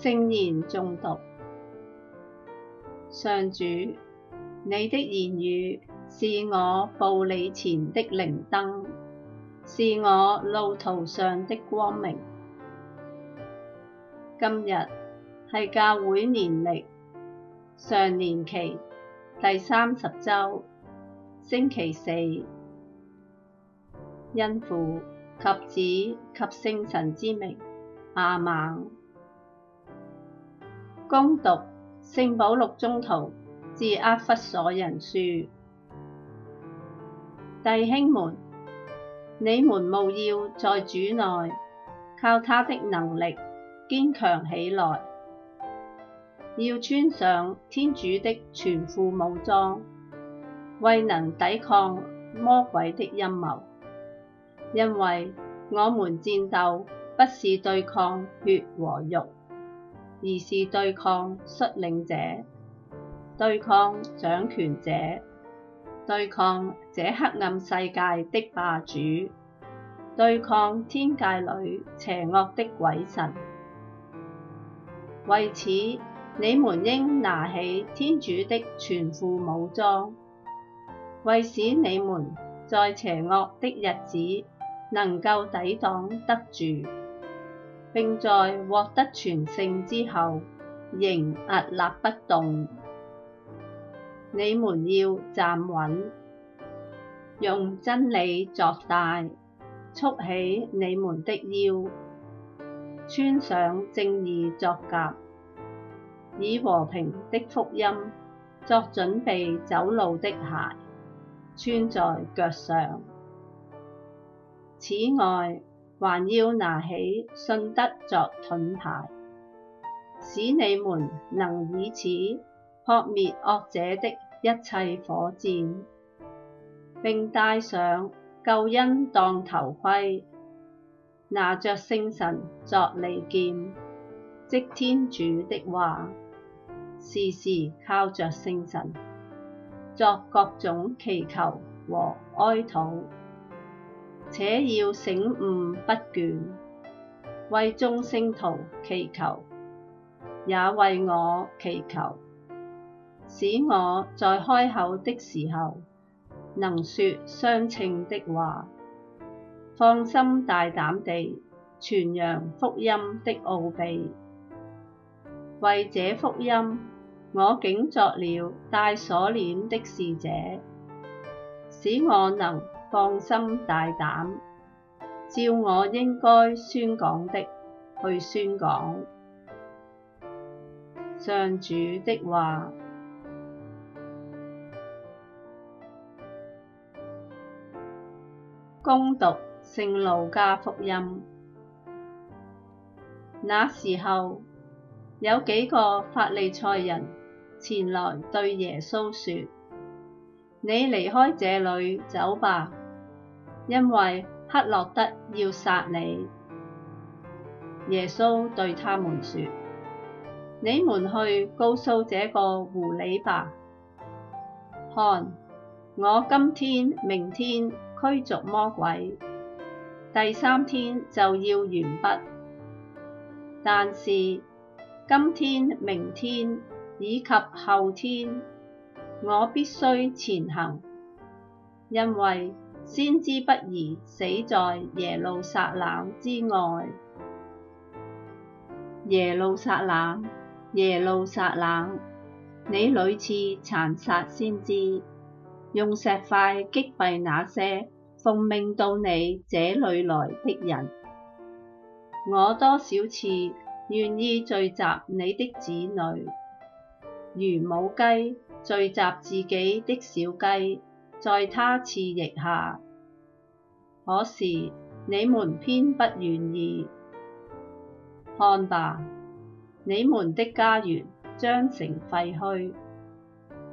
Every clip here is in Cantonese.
聖言誦讀，上主，你的言語是我步你前的靈燈，是我路途上的光明。今日係教會年曆常年期第三十週星期四，因父及子及聖神之名，阿孟。恭讀聖保祿宗徒致厄弗所人書，弟兄們，你們務要在主內靠他的能力堅強起來，要穿上天主的全副武裝，為能抵抗魔鬼的陰謀，因為我們戰鬥不是對抗血和肉。而是對抗率領者，對抗掌權者，對抗這黑暗世界的霸主，對抗天界裏邪惡的鬼神。為此，你們應拿起天主的全副武裝，為使你們在邪惡的日子能夠抵擋得住。並在獲得全勝之後，仍屹立不動。你們要站穩，用真理作帶，束起你們的腰，穿上正義作甲，以和平的福音作準備走路的鞋，穿在腳上。此外，還要拿起信德作盾牌，使你們能以此撲滅惡者的一切火箭；並戴上救恩當頭盔，拿着聖神作利劍，即天主的話，時時靠着聖神，作各種祈求和哀禱。且要醒寤不倦，為眾聖徒祈求，也為我祈求，使我在開口的時候，能說相稱的話，放心大膽地傳揚福音的奧秘。為這福音，我竟作了帶鎖鏈的使者，使我能，放心大膽，照我應該宣講的去宣講。上主的話。恭讀《聖路加福音》。那時候，有幾個法利塞人前來對耶穌說：你離開這裏走吧。因為黑落德要殺你，耶穌對他們説：你們去告訴這個狐狸吧，看，我今天、明天驅逐魔鬼，第三天就要完畢。但是今天、明天以及後天，我必須前行，因為，先知不宜死在耶路撒冷之外。耶路撒冷，耶路撒冷，你屢次殘殺先知，用石塊擊斃那些奉命到你這裏來的人。我多少次願意聚集你的子女，如母雞聚集自己的小雞。在他翅翼下，可是你們偏不願意。看吧，你們的家園將成廢墟。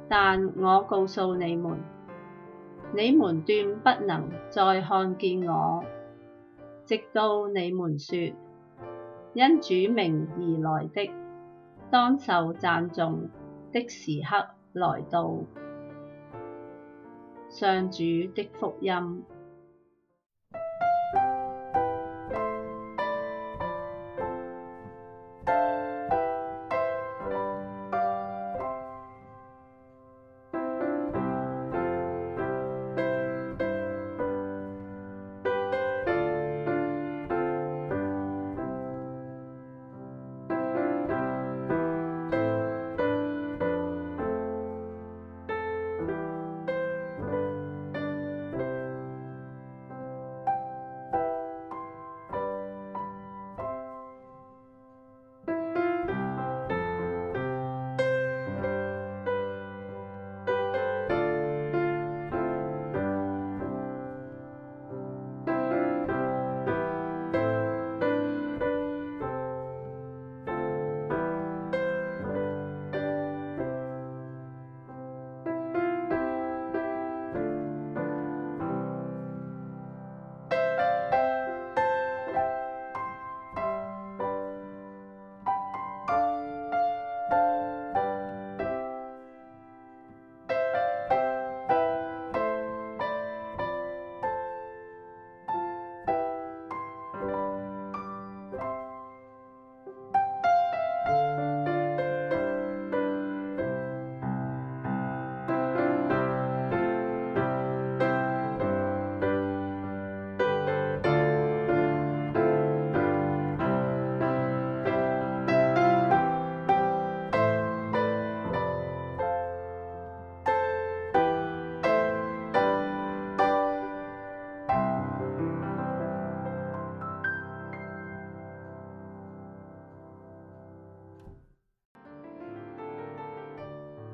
但我告訴你們，你們斷不能再看見我，直到你們說：因主名而來的，當受讚頌的時刻來到。上主的福音。